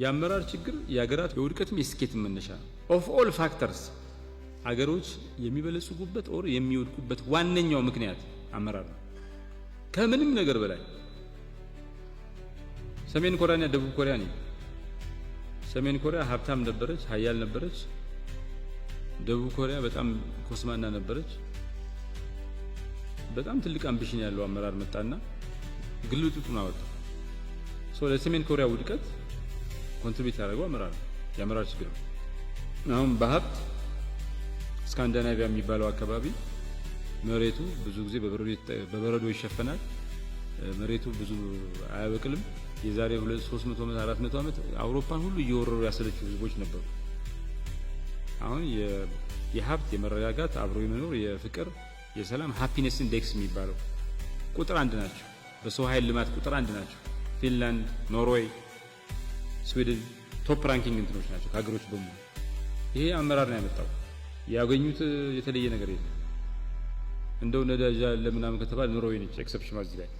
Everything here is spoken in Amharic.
የአመራር ችግር የሀገራት የውድቀትም የስኬት መነሻ ኦፍ ኦል ፋክተርስ አገሮች የሚበለጽጉበት ኦር የሚወድቁበት ዋነኛው ምክንያት አመራር ነው፣ ከምንም ነገር በላይ ሰሜን ኮሪያና ደቡብ ኮሪያ ነው። ሰሜን ኮሪያ ሀብታም ነበረች፣ ሀያል ነበረች። ደቡብ ኮሪያ በጣም ኮስማና ነበረች። በጣም ትልቅ አምቢሽን ያለው አመራር መጣና ግልጡጡን አወጣ። ሶ ለሰሜን ኮሪያ ውድቀት ኮንትሪቢዩት ያደረገው አመራር የአመራር ችግር ነው። አሁን በሀብት ስካንዳናቪያ የሚባለው አካባቢ መሬቱ ብዙ ጊዜ በበረዶ ይሸፈናል። መሬቱ ብዙ አያበቅልም። የዛሬ 300 ዓመት 400 ዓመት አውሮፓን ሁሉ እየወረሩ ያሰለች ህዝቦች ነበሩ። አሁን የሀብት የመረጋጋት አብሮ የመኖር የፍቅር የሰላም ሃፒነስ ኢንዴክስ የሚባለው ቁጥር አንድ ናቸው። በሰው ኃይል ልማት ቁጥር አንድ ናቸው። ፊንላንድ፣ ኖርዌይ ስዊድን ቶፕ ራንኪንግ እንትኖች ናቸው ከሀገሮች በሙሉ። ይሄ አመራር ነው ያመጣው። ያገኙት የተለየ ነገር የለም። እንደው ነዳጃ ለምናምን ከተባለ ኖርዌይ ነች ኤክሰፕሽኗ እዚህ ላይ